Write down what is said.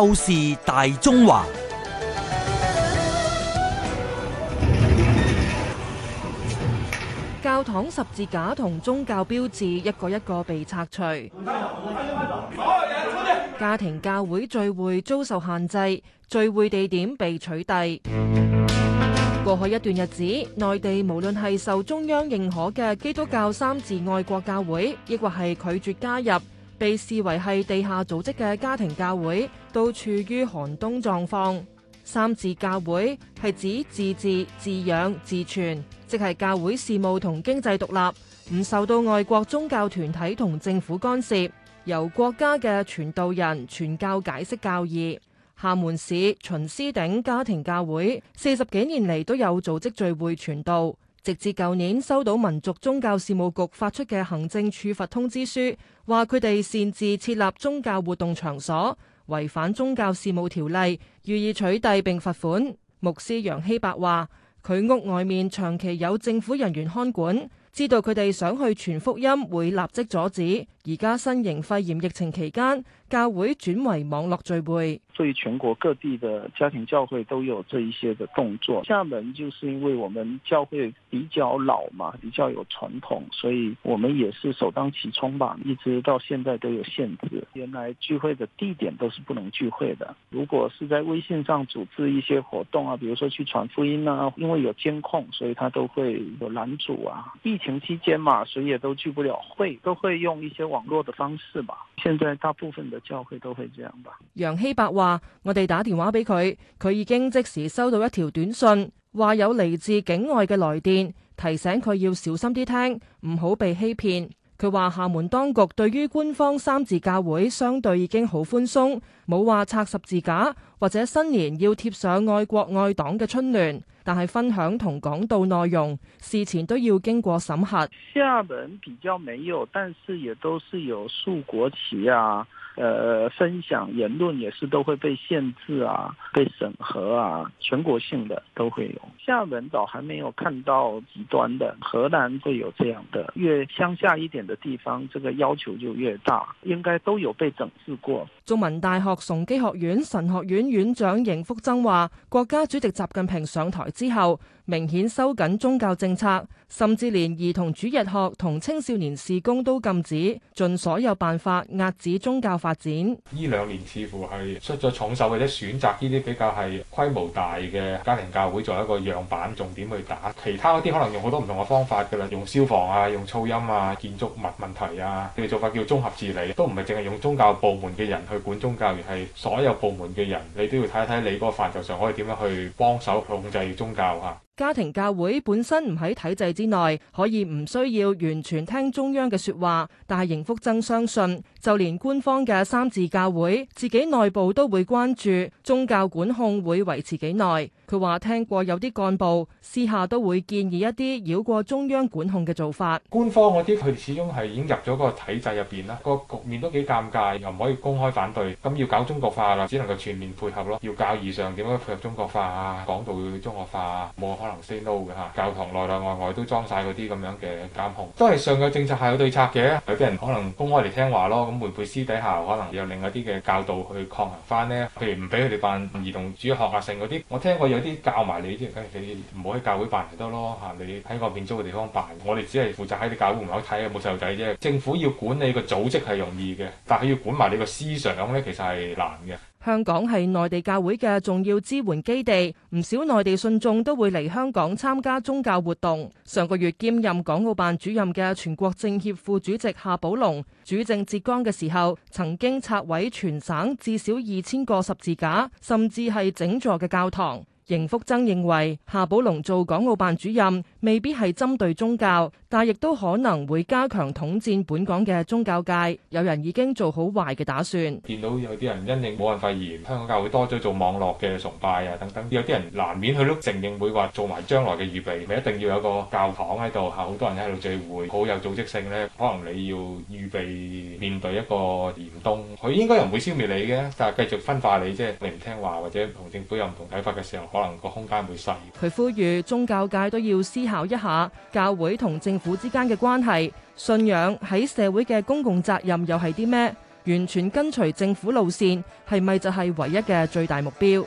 透視大中華，教堂十字架同宗教標誌一個一個被拆除。家庭教會聚會遭受限制，聚會地點被取締。過去一段日子，內地無論係受中央認可嘅基督教三自愛國教會，抑或係拒絕加入。被視為係地下組織嘅家庭教會，都處於寒冬狀況。三自教會係指自治、自養、自存，即係教會事務同經濟獨立，唔受到外國宗教團體同政府干涉，由國家嘅傳道人傳教解釋教義。廈門市秦思鼎家庭教會四十幾年嚟都有組織聚會傳道。直至舊年收到民族宗教事務局發出嘅行政處罰通知書，話佢哋擅自設立宗教活動場所，違反宗教事務條例，予以取締並罰款。牧師楊希伯話：佢屋外面長期有政府人員看管，知道佢哋想去傳福音，會立即阻止。而家新型肺炎疫情期間，教會轉為網絡聚會。所以全國各地的家庭教會都有這一些的動作。廈門就是因為我們教會比較老嘛，比較有傳統，所以我們也是首當其衝吧。一直到現在都有限制，原來聚會的地點都是不能聚會的。如果是在微信上組織一些活動啊，比如說去傳福音啊，因為有監控，所以它都會有攔阻啊。疫情期間嘛，誰也都聚不了會，都會用一些網。網絡的方式吧，現在大部分的教會都會這樣吧。楊希伯話，我哋打電話俾佢，佢已經即時收到一條短信，話有嚟自境外嘅來電，提醒佢要小心啲聽，唔好被欺騙。佢話：廈門當局對於官方三自教會，相對已經好寬鬆，冇話拆十字架或者新年要貼上愛國愛黨嘅春聯，但係分享同講道內容事前都要經過審核。廈門比較沒有，但是也都是有豎國旗啊。呃，分享言論也是都會被限制啊，被審核啊，全國性的都會有。廈門到還沒有看到極端的，河南會有這樣的，越鄉下一點的地方，這個要求就越大，應該都有被整治過。中文大學崇基學院神學院院長邢福增話，國家主席習近平上台之後，明顯收緊宗教政策，甚至連兒童主日學同青少年事工都禁止，盡所有辦法遏止宗教發展。呢兩年似乎係出咗重手，或者選擇呢啲比較係規模大嘅家庭教會作為一個樣板，重點去打其他嗰啲可能用好多唔同嘅方法噶啦，用消防啊，用噪音啊，建築物問題啊，啲做法叫綜合治理，都唔係淨係用宗教部門嘅人去管宗教，而係所有部門嘅人，你都要睇一睇你嗰個範疇上可以點樣去幫手控制宗教嚇。家庭教會本身唔喺體制之內，可以唔需要完全聽中央嘅說話，但係邢福增相信，就連官方嘅三自教會自己內部都會關注宗教管控會維持幾耐。佢話聽過有啲幹部私下都會建議一啲繞過中央管控嘅做法。官方嗰啲佢始終係已經入咗嗰個體制入邊啦，個局面都幾尷尬，又唔可以公開反對，咁要搞中國化啦，只能夠全面配合咯。要教義上點樣配合中國化啊，講道要中國化啊，冇得 say no 嘅嚇，教堂內內外外都裝晒嗰啲咁樣嘅監控，都係上有政策，下有對策嘅。有啲人可能公開嚟聽話咯，咁會唔會私底下可能有另外啲嘅教導去抗衡翻呢？譬如唔俾佢哋辦兒童主學啊，剩嗰啲，我聽過有啲教埋你啫、哎，你唔好喺教會辦咪得咯嚇，你喺外邊租嘅地方辦，我哋只係負責喺你教會門口睇有冇細路仔啫。政府要管理個組織係容易嘅，但係要管埋你個思想呢，其實係難嘅。香港係內地教會嘅重要支援基地，唔少內地信眾都會嚟香港參加宗教活動。上個月兼任港澳辦主任嘅全國政協副主席夏寶龍主政浙江嘅時候，曾經拆毀全省至少二千個十字架，甚至係整座嘅教堂。邢福增認為夏寶龍做港澳辦主任未必係針對宗教，但亦都可能會加強統戰本港嘅宗教界。有人已經做好壞嘅打算，見到有啲人因應武漢肺炎，香港教會多咗做網絡嘅崇拜啊等等，有啲人難免佢都承認，會話做埋將來嘅預備，咪一定要有個教堂喺度，係好多人喺度聚會，好有組織性呢。可能你要預備面對一個嚴冬，佢應該又唔會消滅你嘅，但係繼續分化你即係。你唔聽話或者同政府有唔同睇法嘅時候，可能個空間會細。佢呼籲宗教界都要思考一下，教會同政府之間嘅關係，信仰喺社會嘅公共責任又係啲咩？完全跟隨政府路線，係咪就係唯一嘅最大目標？